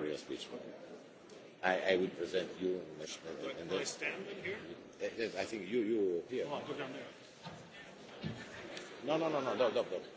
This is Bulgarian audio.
for your speech. I, I will present you. And then, I standing here? I think you, you here. No, go down there. No, no, no, no, no, no, no.